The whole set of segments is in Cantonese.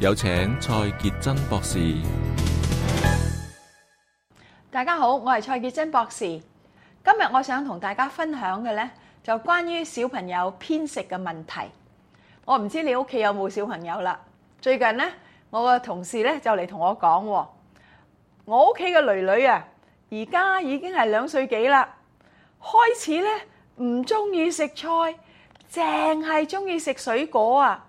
有請蔡潔貞博士。大家好，我係蔡潔貞博士。今日我想同大家分享嘅呢，就關於小朋友偏食嘅問題。我唔知你屋企有冇小朋友啦。最近呢，我個同事呢就嚟同我講，我屋企嘅囡囡啊，而家已經係兩歲幾啦，開始呢唔中意食菜，淨係中意食水果啊。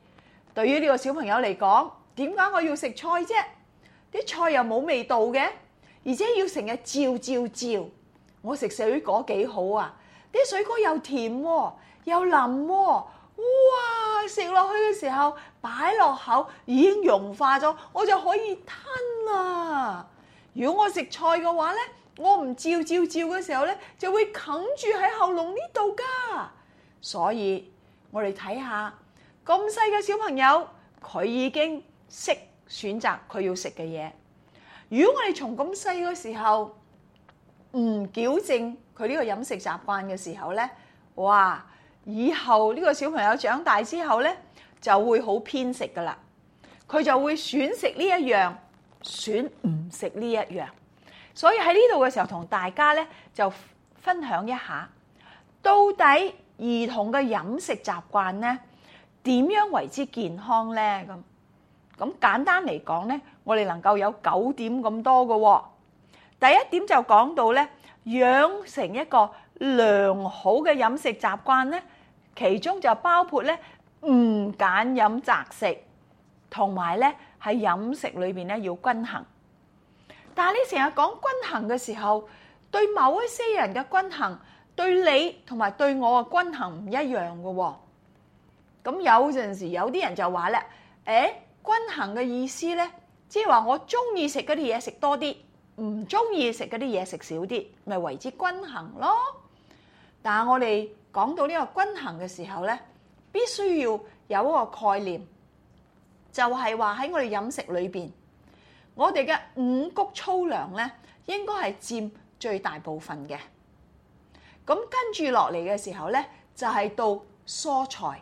對於呢個小朋友嚟講，點解我要食菜啫？啲菜又冇味道嘅，而且要成日照照照。我食水果幾好啊？啲水果又甜啊，又腍啊，哇！食落去嘅時候，擺落口已經融化咗，我就可以吞啦。如果我食菜嘅話咧，我唔照照照嘅時候咧，就會冚住喺喉嚨呢度噶。所以我哋睇下。咁細嘅小朋友，佢已經識選擇佢要食嘅嘢。如果我哋從咁細嘅時候唔矯正佢呢個飲食習慣嘅時候呢，哇！以後呢個小朋友長大之後呢，就會好偏食噶啦。佢就會選食呢一樣，選唔食呢一樣。所以喺呢度嘅時候同大家呢就分享一下，到底兒童嘅飲食習慣呢？點樣為之健康呢？咁咁簡單嚟講呢，我哋能夠有九點咁多嘅喎。第一點就講到呢，養成一個良好嘅飲食習慣呢，其中就包括呢唔揀飲擇食，同埋呢喺飲食裏邊咧要均衡。但係你成日講均衡嘅時候，對某一些人嘅均衡，對你同埋對我嘅均衡唔一樣嘅喎。咁有陣時，有啲人就話咧，誒、哎、均衡嘅意思咧，即係話我中意食嗰啲嘢食多啲，唔中意食嗰啲嘢食少啲，咪為之均衡咯。但係我哋講到呢個均衡嘅時候咧，必須要有一個概念，就係話喺我哋飲食裏邊，我哋嘅五穀粗糧咧應該係佔最大部分嘅。咁跟住落嚟嘅時候咧，就係、是、到蔬菜。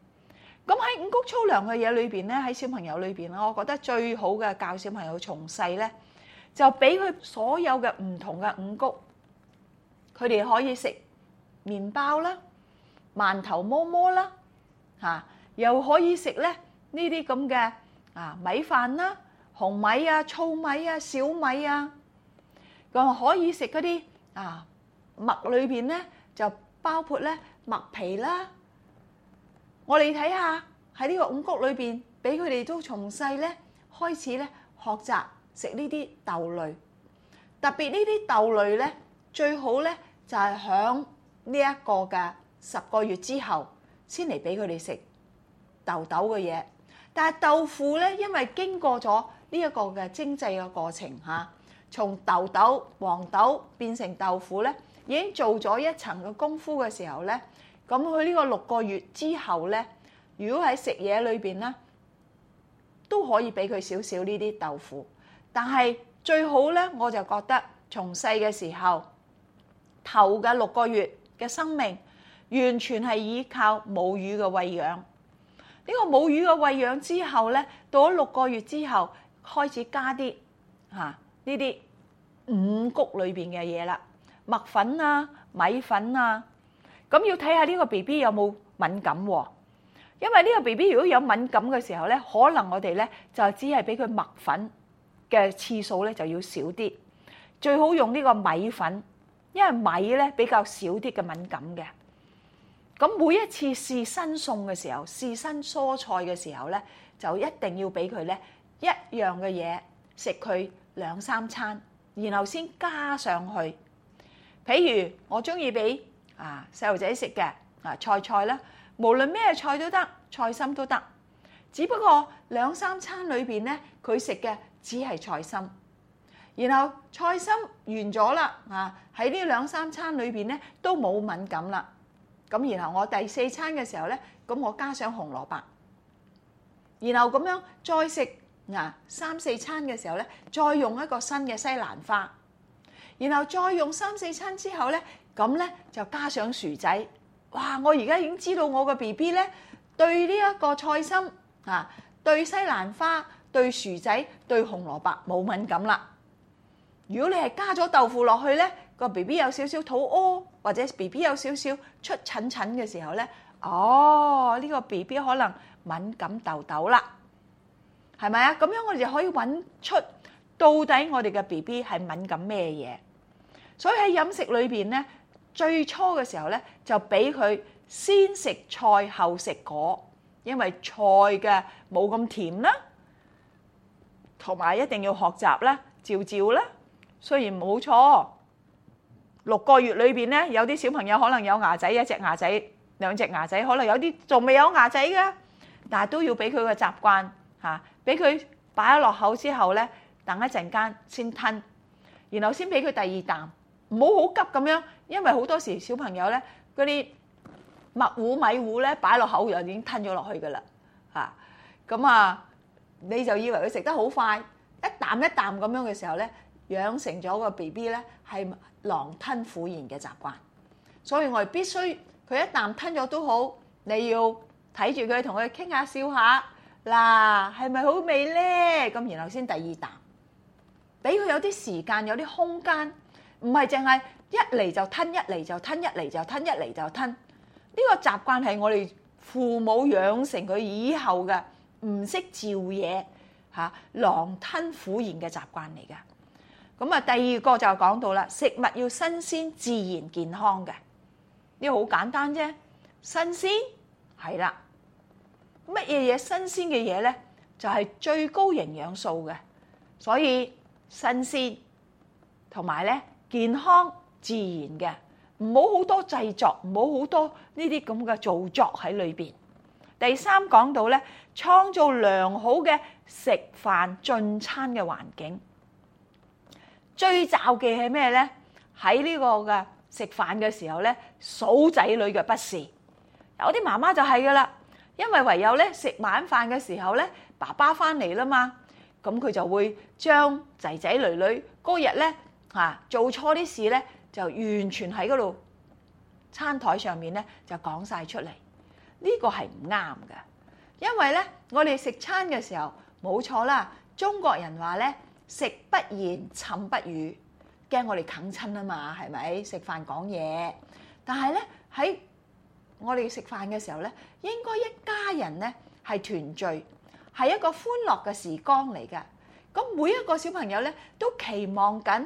咁喺五穀粗糧嘅嘢裏邊咧，喺小朋友裏邊咧，我覺得最好嘅教小朋友從細咧，就俾佢所有嘅唔同嘅五穀，佢哋可以食麪包啦、饅頭、摸摸啦，嚇又可以食咧呢啲咁嘅啊米飯啦、紅米啊、糙米啊、小米啊，又可以食嗰啲啊麥裏邊咧就包括咧麥皮啦。我哋睇下喺呢個五穀裏邊，俾佢哋都從細咧開始咧學習食呢啲豆類，特別呢啲豆類咧最好咧就係響呢一個嘅十個月之後先嚟俾佢哋食豆豆嘅嘢。但係豆腐咧，因為經過咗呢一個嘅精製嘅過程嚇，從豆豆黃豆變成豆腐咧，已經做咗一層嘅功夫嘅時候咧。咁佢呢個六個月之後咧，如果喺食嘢裏邊咧，都可以俾佢少少呢啲豆腐。但係最好咧，我就覺得從細嘅時候頭嘅六個月嘅生命，完全係依靠母乳嘅餵養。呢個母乳嘅餵養之後咧，到咗六個月之後開始加啲吓呢啲五穀裏邊嘅嘢啦，麥粉啊、米粉啊。咁要睇下呢個 BB 有冇敏感喎，因為呢個 BB 如果有敏感嘅時候咧，可能我哋咧就只係俾佢麥粉嘅次數咧就要少啲，最好用呢個米粉，因為米咧比較少啲嘅敏感嘅。咁每一次試新餸嘅時候，試新蔬菜嘅時候咧，就一定要俾佢咧一樣嘅嘢，食佢兩三餐，然後先加上去。譬如我中意俾。啊！細路仔食嘅啊菜菜咧，無論咩菜都得，菜心都得。只不過兩三餐裏邊咧，佢食嘅只係菜心。然後菜心完咗啦啊！喺呢兩三餐裏邊咧都冇敏感啦。咁然後我第四餐嘅時候咧，咁我加上紅蘿蔔。然後咁樣再食啊三四餐嘅時候咧，再用一個新嘅西蘭花。然後再用三四餐之後咧。咁咧就加上薯仔，哇！我而家已經知道我個 B B 咧對呢一個菜心啊，對西蘭花、對薯仔、對紅蘿蔔冇敏感啦。如果你係加咗豆腐落去咧，個 B B 有少少肚屙，或者 B B 有少少出疹疹嘅時候咧，哦，呢個 B B 可能敏感豆豆啦，係咪啊？咁樣我哋就可以揾出到底我哋嘅 B B 係敏感咩嘢？所以喺飲食裏邊咧。最初嘅時候咧，就俾佢先食菜後食果，因為菜嘅冇咁甜啦。同埋一定要學習咧，嚼嚼啦。雖然冇錯，六個月裏邊咧，有啲小朋友可能有牙仔，一隻牙仔、兩隻牙仔，可能有啲仲未有牙仔嘅，但係都要俾佢個習慣嚇，俾佢擺咗落口之後咧，等一陣間先吞，然後先俾佢第二啖，唔好好急咁樣。因為好多時小朋友咧，嗰啲麥糊米糊咧，擺落口又已經吞咗落去㗎喇，吓咁啊，你就以為佢食得好快，一啖一啖咁樣嘅時候咧，養成咗個 BB 咧係狼吞虎咽嘅習慣。所以我哋必須佢一啖吞咗都好，你要睇住佢，同佢傾下笑下嗱，係咪好味咧？咁然後先第二啖，俾佢有啲時間，有啲空間，唔係淨係。一嚟就吞，一嚟就吞，一嚟就吞，一嚟就吞。呢個習慣係我哋父母養成佢以後嘅唔識照嘢嚇，狼吞虎咽嘅習慣嚟嘅。咁啊，第二個就講到啦，食物要新鮮、自然、健康嘅。呢個好簡單啫，新鮮係啦。乜嘢嘢新鮮嘅嘢咧，就係最高營養素嘅，所以新鮮同埋咧健康。自然嘅，唔好好多製作，唔好好多呢啲咁嘅造作喺裏邊。第三講到咧，創造良好嘅食飯進餐嘅環境。最罩嘅係咩咧？喺呢個嘅食飯嘅時候咧，數仔女嘅不是有啲媽媽就係噶啦，因為唯有咧食晚飯嘅時候咧，爸爸翻嚟啦嘛，咁佢就會將仔仔女女嗰日咧嚇做錯啲事咧。就完全喺嗰度餐台上面咧，就講晒出嚟。呢個係唔啱嘅，因為咧，我哋食餐嘅時候冇錯啦。中國人話咧，食不言，寢不語，驚我哋啃親啊嘛，係咪食飯講嘢？但係咧喺我哋食飯嘅時候咧，應該一家人咧係團聚，係一個歡樂嘅時光嚟嘅。咁每一個小朋友咧都期望緊。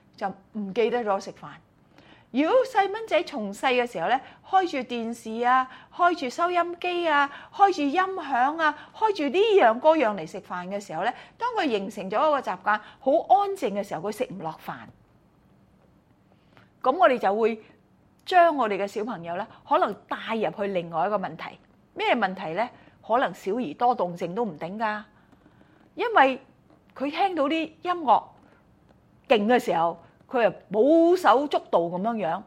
就唔記得咗食飯。如果細蚊仔從細嘅時候咧，開住電視啊，開住收音機啊，開住音響啊，開住呢樣嗰樣嚟食飯嘅時候咧，當佢形成咗一個習慣，好安靜嘅時候，佢食唔落飯。咁我哋就會將我哋嘅小朋友咧，可能帶入去另外一個問題。咩問題咧？可能小兒多動症都唔定㗎，因為佢聽到啲音樂勁嘅時候。佢又冇手足道咁樣樣，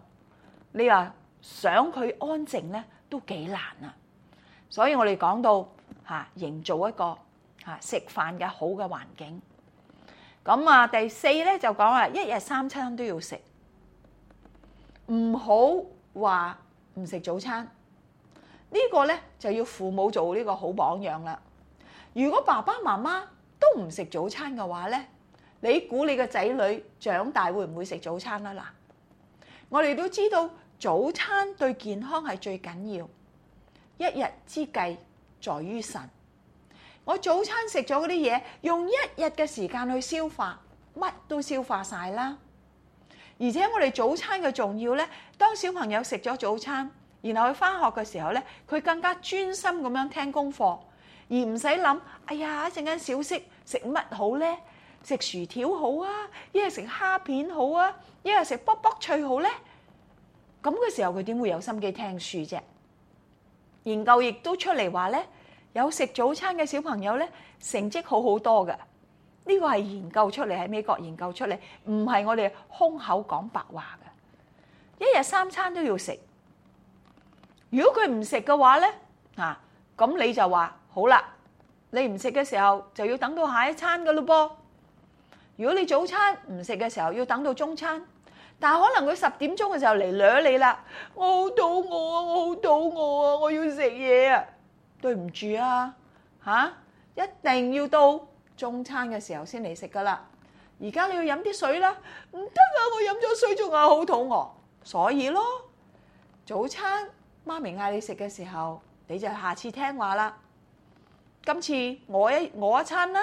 你話想佢安靜咧都幾難啊！所以我哋講到嚇，營造一個嚇食飯嘅好嘅環境。咁啊，第四咧就講啊，一日三餐都要食，唔好話唔食早餐。呢個咧就要父母做呢個好榜樣啦。如果爸爸媽媽都唔食早餐嘅話咧，你估你個仔女長大會唔會食早餐啊？嗱，我哋都知道早餐對健康係最緊要。一日之計在於晨，我早餐食咗嗰啲嘢，用一日嘅時間去消化，乜都消化晒啦。而且我哋早餐嘅重要咧，當小朋友食咗早餐，然後去返學嘅時候咧，佢更加專心咁樣聽功課，而唔使諗。哎呀，一陣間小息食乜好咧？食薯條好啊，一係食蝦片好啊，一係食卜卜脆好咧。咁嘅時候，佢點會有心機聽書啫？研究亦都出嚟話咧，有食早餐嘅小朋友咧，成績好好多㗎。呢個係研究出嚟，喺美國研究出嚟，唔係我哋空口講白話嘅。一日三餐都要食。如果佢唔食嘅話咧，啊咁你就話好啦，你唔食嘅時候就要等到下一餐㗎咯噃。如果你早餐唔食嘅時候，要等到中餐，但係可能佢十點鐘嘅時候嚟掠你啦，我好肚餓啊，我好肚餓啊，我要食嘢啊，對唔住啊，吓，一定要到中餐嘅時候先嚟食㗎啦，而家你要飲啲水啦，唔得啊，我飲咗水仲係好肚餓，啊，所以咯，早餐媽咪嗌你食嘅時候，你就下次聽話啦，今次我一我一餐啦。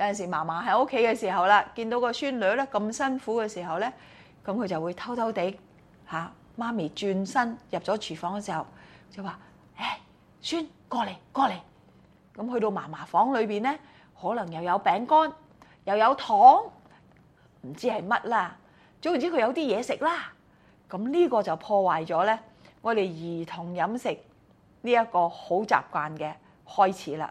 有陣時，嫲嫲喺屋企嘅時候啦，見到個孫女咧咁辛苦嘅時候咧，咁佢就會偷偷地吓，媽咪轉身入咗廚房嘅時候就話：誒、hey，孫，過嚟，過嚟。咁去到嫲嫲房裏邊咧，可能又有餅乾，又有糖，唔知係乜啦。總言之，佢有啲嘢食啦。咁呢個就破壞咗咧，我哋兒童飲食呢一個好習慣嘅開始啦。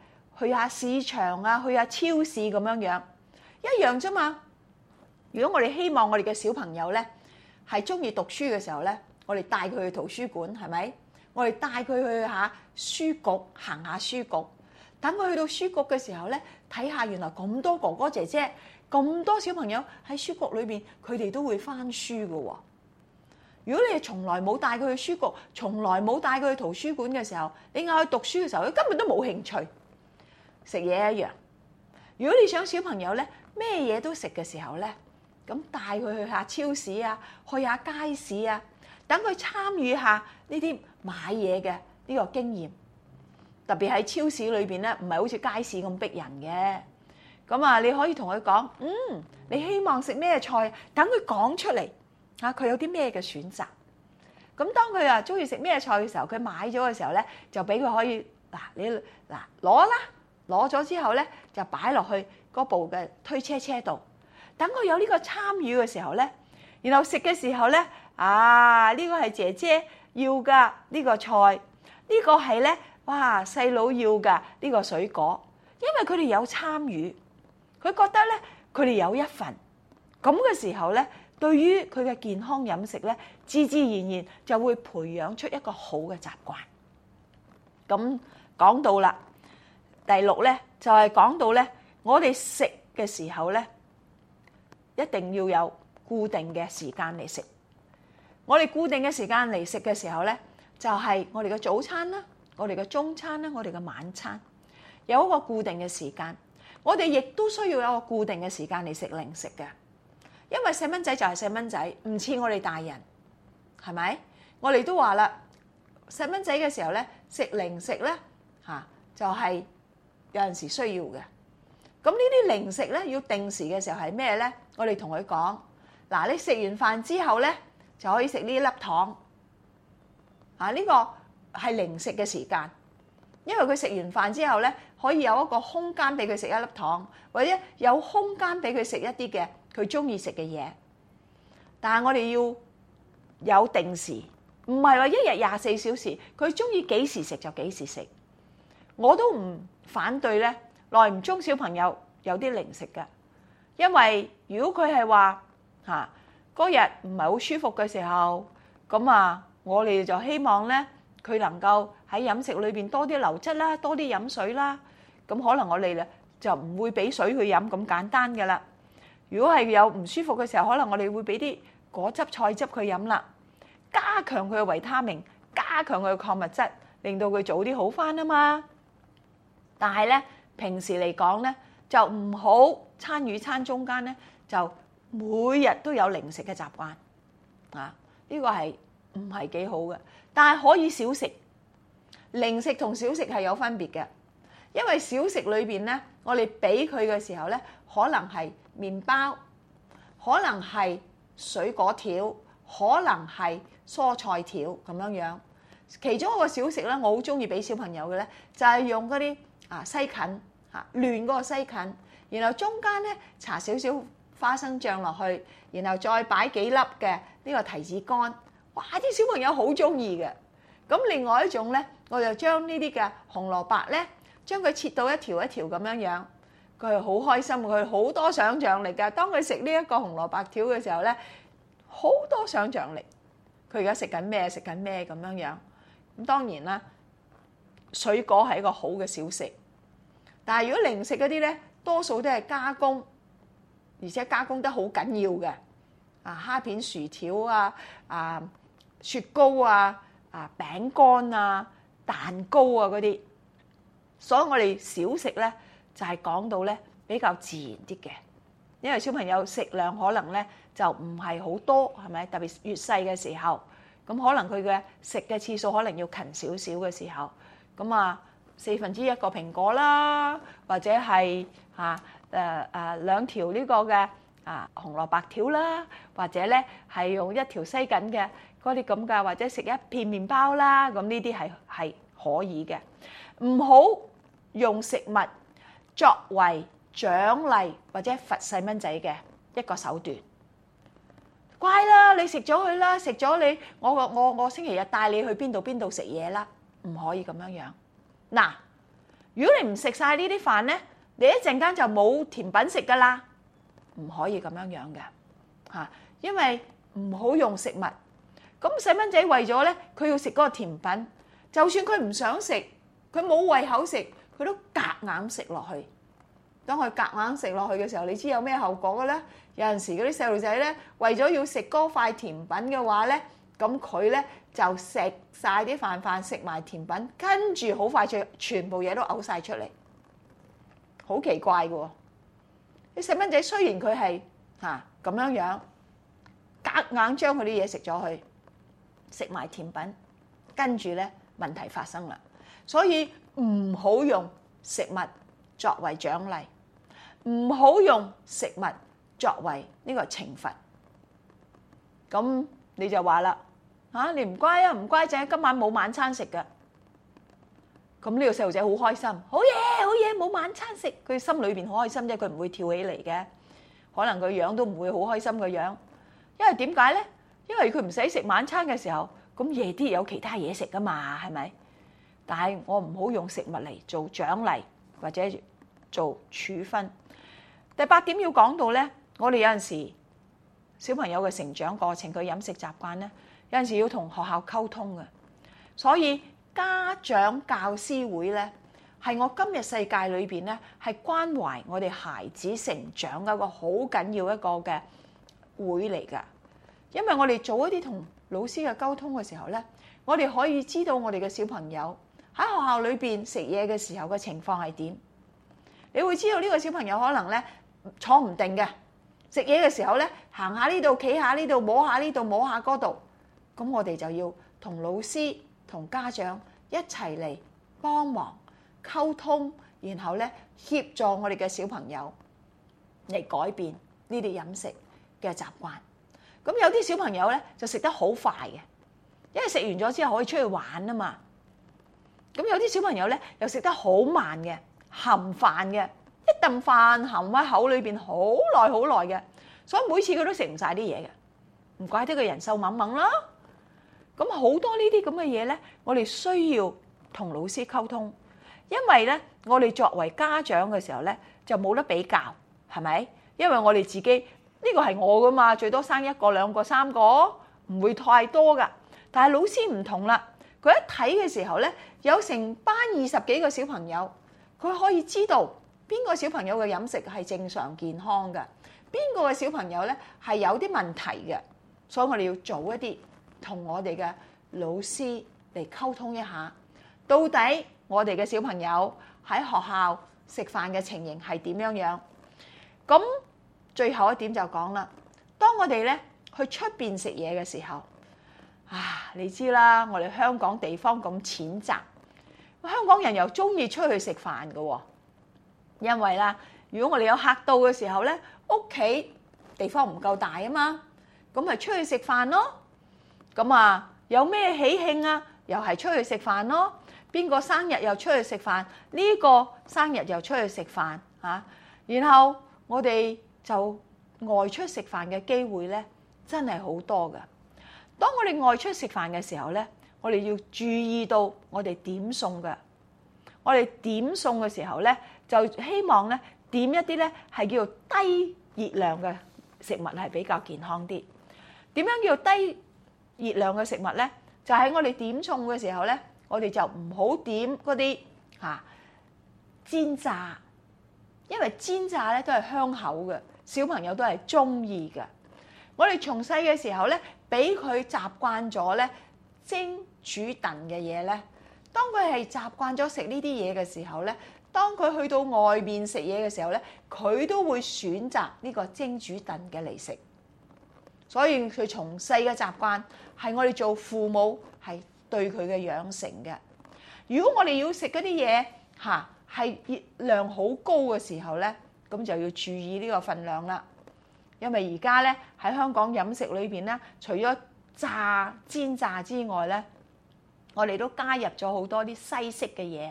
去下市場啊，去下超市咁樣樣一樣啫嘛。如果我哋希望我哋嘅小朋友咧係中意讀書嘅時候咧，我哋帶佢去圖書館係咪？我哋帶佢去下書局，行下書局，等佢去到書局嘅時候咧，睇下原來咁多哥哥姐姐咁多小朋友喺書局裏邊，佢哋都會翻書㗎喎。如果你哋從來冇帶佢去書局，從來冇帶佢去圖書館嘅時候，你嗌佢讀書嘅時候，佢根本都冇興趣。食嘢一樣。如果你想小朋友咧咩嘢都食嘅時候咧，咁帶佢去下超市啊，去下街市啊，等佢參與下呢啲買嘢嘅呢個經驗。特別喺超市裏邊咧，唔係好似街市咁逼人嘅。咁啊，你可以同佢講，嗯，你希望食咩菜？等佢講出嚟吓，佢、啊、有啲咩嘅選擇。咁當佢啊鍾意食咩菜嘅時候，佢買咗嘅時候咧，就俾佢可以嗱、啊、你嗱攞啦。啊攞咗之後咧，就擺落去嗰部嘅推車車度，等佢有呢個參與嘅時候咧，然後食嘅時候咧，啊呢個係姐姐要㗎呢個菜，呢個係咧哇細佬要㗎呢個水果，因為佢哋有參與，佢覺得咧佢哋有一份，咁嘅時候咧，對於佢嘅健康飲食咧，自自然然就會培養出一個好嘅習慣。咁講到啦。第六咧就係講到咧，我哋食嘅時候咧，一定要有固定嘅時間嚟食。我哋固定嘅時間嚟食嘅時候咧，就係我哋嘅早餐啦，我哋嘅中餐啦，我哋嘅晚餐有一個固定嘅時間。我哋亦都需要有一個固定嘅時間嚟食零食嘅，因為細蚊仔就係細蚊仔，唔似我哋大人，係咪？我哋都話啦，細蚊仔嘅時候咧食零食咧嚇、啊、就係。有陣時需要嘅，咁呢啲零食咧要定時嘅時候係咩咧？我哋同佢講，嗱你食完飯之後咧，就可以食呢粒糖，啊呢個係零食嘅時間，因為佢食完飯之後咧，可以有一個空間俾佢食一粒糖，或者有空間俾佢食一啲嘅佢中意食嘅嘢。但係我哋要有定時，唔係話一日廿四小時，佢中意幾時食就幾時食。我都唔反對咧，耐唔中小朋友有啲零食嘅，因為如果佢係話吓嗰日唔係好舒服嘅時候，咁啊，我哋就希望咧佢能夠喺飲食裏邊多啲流質啦，多啲飲水啦。咁可能我哋咧就唔會俾水佢飲咁簡單嘅啦。如果係有唔舒服嘅時候，可能我哋會俾啲果汁、菜汁佢飲啦，加強佢嘅維他命，加強佢嘅礦物質，令到佢早啲好返啊嘛。但係咧，平時嚟講咧，就唔好餐與餐中間咧，就每日都有零食嘅習慣啊。呢個係唔係幾好嘅？但係可以少食。零食同小食係有分別嘅，因為小食裏邊咧，我哋俾佢嘅時候咧，可能係麵包，可能係水果條，可能係蔬菜條咁樣樣。其中一個小食咧，我好中意俾小朋友嘅咧，就係用嗰啲。啊西芹嚇，嫩嗰個西芹，然後中間咧搽少少花生醬落去，然後再擺幾粒嘅呢個提子乾，哇！啲小朋友好中意嘅。咁另外一種咧，我就將呢啲嘅紅蘿蔔咧，將佢切到一條一條咁樣樣，佢係好開心，佢好多想像力㗎。當佢食呢一個紅蘿蔔條嘅時候咧，好多想像力。佢而家食緊咩？食緊咩咁樣樣？咁當然啦，水果係一個好嘅小食。但係如果零食嗰啲咧，多數都係加工，而且加工得好緊要嘅，啊蝦片、薯條啊、啊雪糕啊、啊餅乾啊、蛋糕啊嗰啲，所以我哋少食咧，就係講到咧比較自然啲嘅，因為小朋友食量可能咧就唔係好多，係咪？特別越細嘅時候，咁可能佢嘅食嘅次數可能要勤少少嘅時候，咁啊。四分之一個蘋果啦，或者係啊誒誒兩條呢個嘅啊紅蘿蔔條啦，或者咧係用一條西芹嘅嗰啲咁嘅，或者食一片麵包啦，咁呢啲係係可以嘅。唔好用食物作為獎勵或者罰細蚊仔嘅一個手段。乖啦，你食咗佢啦，食咗你，我我我星期日帶你去邊度邊度食嘢啦，唔可以咁樣樣。嗱，如果你唔食晒呢啲飯呢，你一陣間就冇甜品食噶啦，唔可以咁樣樣嘅，吓，啊，因為唔好用食物。咁細蚊仔為咗呢，佢要食嗰個甜品，就算佢唔想食，佢冇胃口食，佢都夾硬食落去。當佢夾硬食落去嘅時候，你知有咩後果嘅咧？有陣時嗰啲細路仔呢，為咗要食嗰塊甜品嘅話呢，咁佢呢。就食曬啲飯飯，食埋甜品，跟住好快脆，全部嘢都嘔曬出嚟，好奇怪嘅喎！啲細蚊仔雖然佢係嚇咁樣樣，夾硬將佢啲嘢食咗去，食埋甜品，跟住咧問題發生啦，所以唔好用食物作為獎勵，唔好用食物作為呢個懲罰，咁你就話啦。嚇！你唔乖啊，唔乖仔，今晚冇晚餐食㗎。咁呢個細路仔好開心，好嘢好嘢冇晚餐食。佢心裏邊好開心啫，佢唔會跳起嚟嘅。可能佢樣都唔會好開心嘅樣，因為點解咧？因為佢唔使食晚餐嘅時候，咁夜啲有其他嘢食噶嘛，係咪？但係我唔好用食物嚟做獎勵或者做處分。第八點要講到咧，我哋有陣時小朋友嘅成長過程，佢飲食習慣咧。有陣時要同學校溝通嘅，所以家長教師會咧係我今日世界裏邊咧係關懷我哋孩子成長嘅一個好緊要一個嘅會嚟㗎。因為我哋早一啲同老師嘅溝通嘅時候咧，我哋可以知道我哋嘅小朋友喺學校裏邊食嘢嘅時候嘅情況係點。你會知道呢個小朋友可能咧坐唔定嘅，食嘢嘅時候咧行下呢度，企下呢度，摸下呢度，摸下嗰度。咁我哋就要同老師、同家長一齊嚟幫忙溝通，然後咧協助我哋嘅小朋友嚟改變呢啲飲食嘅習慣。咁有啲小朋友咧就食得好快嘅，因為食完咗之後可以出去玩啊嘛。咁有啲小朋友咧又食得好慢嘅，含飯嘅一頓飯含喺口裏邊好耐好耐嘅，所以每次佢都食唔晒啲嘢嘅，唔怪得佢人瘦蜢蜢啦。咁好多呢啲咁嘅嘢咧，我哋需要同老師溝通，因為咧，我哋作為家長嘅時候咧，就冇得比較，係咪？因為我哋自己呢個係我噶嘛，最多生一個、兩個、三個，唔會太多噶。但係老師唔同啦，佢一睇嘅時候咧，有成班二十幾個小朋友，佢可以知道邊個小朋友嘅飲食係正常健康嘅，邊個嘅小朋友咧係有啲問題嘅，所以我哋要早一啲，同我哋嘅老師嚟溝通一下，到底我哋嘅小朋友喺學校食飯嘅情形係點樣樣？咁最後一點就講啦，當我哋咧去出邊食嘢嘅時候，啊，你知啦，我哋香港地方咁淺窄，香港人又中意出去食飯㗎喎，因為啦，如果我哋有客到嘅時候咧，屋企地方唔夠大啊嘛，咁咪出去食飯咯。咁啊，有咩喜慶啊？又係出去食飯咯。邊個生日又出去食飯？呢個生日又出去食飯嚇。然後我哋就外出食飯嘅機會咧，真係好多噶。當我哋外出食飯嘅時候咧，我哋要注意到我哋點餸㗎。我哋點餸嘅時候咧，就希望咧點一啲咧係叫做低熱量嘅食物係比較健康啲。點樣叫做低？熱量嘅食物咧，就喺我哋點餸嘅時候咧，我哋就唔好點嗰啲嚇煎炸，因為煎炸咧都係香口嘅，小朋友都係中意嘅。我哋從細嘅時候咧，俾佢習慣咗咧蒸、煮、燉嘅嘢咧。當佢係習慣咗食呢啲嘢嘅時候咧，當佢去到外面食嘢嘅時候咧，佢都會選擇呢個蒸、煮、燉嘅嚟食。所以佢從細嘅習慣。係我哋做父母係對佢嘅養成嘅。如果我哋要食嗰啲嘢嚇係熱量好高嘅時候咧，咁就要注意呢個份量啦。因為而家咧喺香港飲食裏邊咧，除咗炸煎炸之外咧，我哋都加入咗好多啲西式嘅嘢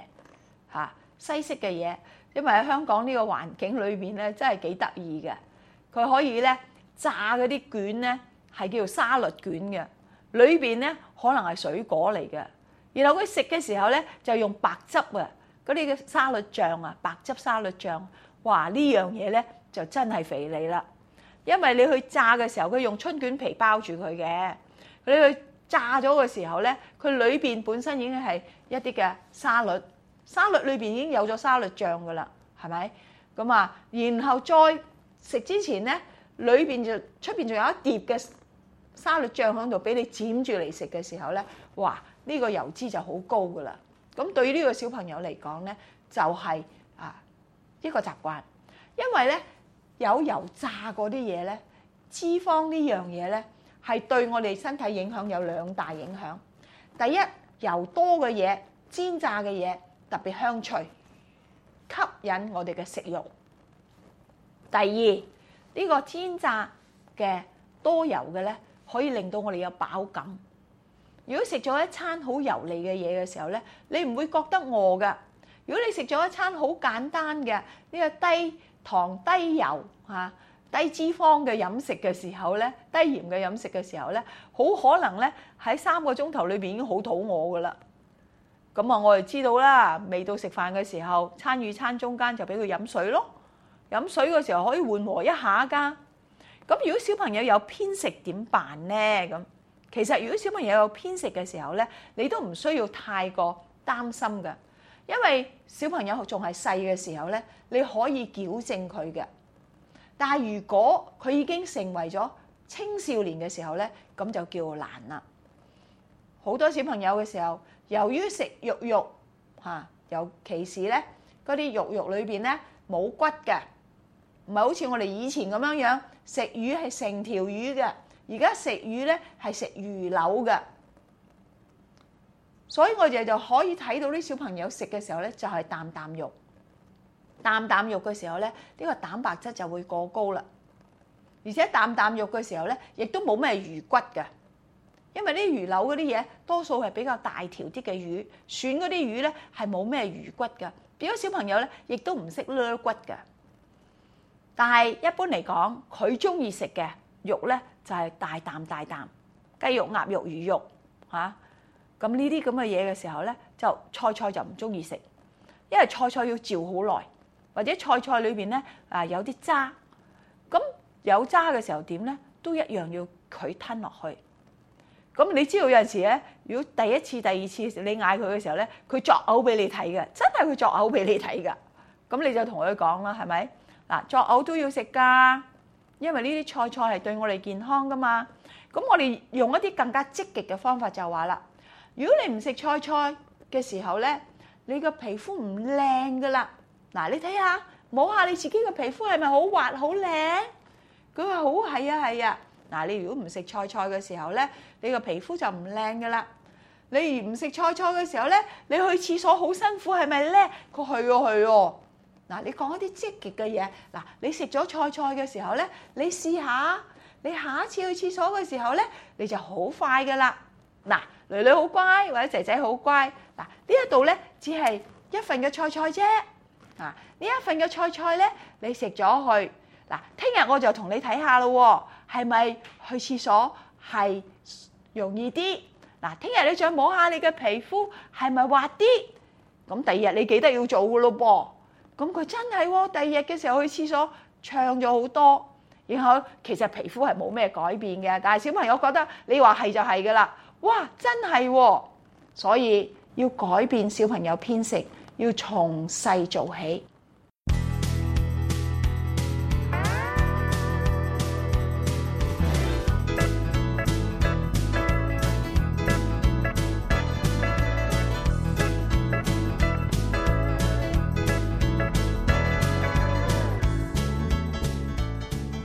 嚇，西式嘅嘢。因為喺香港呢個環境裏邊咧，真係幾得意嘅。佢可以咧炸嗰啲卷咧係叫做沙律卷嘅。裏邊咧可能係水果嚟嘅，然後佢食嘅時候咧就用白汁啊，嗰啲嘅沙律醬啊，白汁沙律醬，哇！呢樣嘢咧就真係肥膩啦，因為你去炸嘅時候佢用春卷皮包住佢嘅，你去炸咗嘅時候咧，佢裏邊本身已經係一啲嘅沙律，沙律裏邊已經有咗沙律醬噶啦，係咪？咁啊，然後再食之前咧，裏邊就出邊仲有一碟嘅。沙律醬喺度俾你蘸住嚟食嘅時候咧，哇！呢個油脂就好高噶啦。咁對於呢個小朋友嚟講咧，就係啊一個習慣。因為咧有油炸嗰啲嘢咧，脂肪呢樣嘢咧，係對我哋身體影響有兩大影響。第一，油多嘅嘢煎炸嘅嘢特別香脆，吸引我哋嘅食慾。第二，呢個煎炸嘅多油嘅咧。可以令到我哋有飽感。如果食咗一餐好油膩嘅嘢嘅時候咧，你唔會覺得餓噶。如果你食咗一餐好簡單嘅呢個低糖低油嚇低脂肪嘅飲食嘅時候咧，低鹽嘅飲食嘅時候咧，好可能咧喺三個鐘頭裏邊已經好肚餓噶啦。咁啊，我哋知道啦，未到食飯嘅時候，餐與餐中間就俾佢飲水咯。飲水嘅時候可以緩和一下噶。咁如果小朋友有偏食點辦呢？咁其實如果小朋友有偏食嘅時候咧，你都唔需要太過擔心嘅，因為小朋友仲係細嘅時候咧，你可以矯正佢嘅。但係如果佢已經成為咗青少年嘅時候咧，咁就叫難啦。好多小朋友嘅時候，由於食肉肉吓尤其是咧，嗰、啊、啲肉肉裏邊咧冇骨嘅。唔係好似我哋以前咁樣樣食魚係成條魚嘅，而家食魚咧係食魚柳嘅，所以我哋就可以睇到啲小朋友食嘅時候咧就係啖啖肉，啖啖肉嘅時候咧呢，呢個蛋白質就會過高啦，而且啖啖肉嘅時候咧亦都冇咩魚骨嘅，因為啲魚柳嗰啲嘢多數係比較大條啲嘅魚，選嗰啲魚咧係冇咩魚骨嘅，變咗小朋友咧亦都唔識擸骨嘅。但係一般嚟講，佢中意食嘅肉咧就係大啖大啖雞肉、鴨肉、魚肉嚇。咁呢啲咁嘅嘢嘅時候咧，就菜菜就唔中意食，因為菜菜要嚼好耐，或者菜菜裏邊咧啊有啲渣。咁有渣嘅時候點咧，都一樣要佢吞落去。咁你知道有陣時咧，如果第一次、第二次你嗌佢嘅時候咧，佢作嘔俾你睇嘅，真係佢作嘔俾你睇噶。咁你就同佢講啦，係咪？嗱，作嘔都要食噶，因為呢啲菜菜係對我哋健康噶嘛。咁我哋用一啲更加積極嘅方法就話啦，如果你唔食菜菜嘅時候咧，你個皮膚唔靚噶啦。嗱，你睇下摸下你自己嘅皮膚係咪好滑好靚？佢話好，係啊係啊。嗱，你如果唔食菜菜嘅時候咧，你個皮膚就唔靚噶啦。你唔食菜菜嘅時候咧，你去廁所好辛苦係咪咧？佢去喎，去喎。嗱，你講一啲積極嘅嘢。嗱，你食咗菜菜嘅時候咧，你試下。你下一次去廁所嘅時候咧，你就好快㗎啦。嗱，囡囡好乖或者仔仔好乖。嗱，呢一度咧只係一份嘅菜菜啫。啊，呢一份嘅菜菜咧，你食咗去嗱。聽日我就同你睇下咯，係咪去廁所係容易啲？嗱，聽日你再摸下你嘅皮膚係咪滑啲？咁第二日你記得要做㗎咯噃。咁佢真係喎、哦，第二日嘅時候去廁所，暢咗好多。然後其實皮膚係冇咩改變嘅，但係小朋友覺得你話係就係㗎喇，哇真係喎、哦！所以要改變小朋友偏食，要從細做起。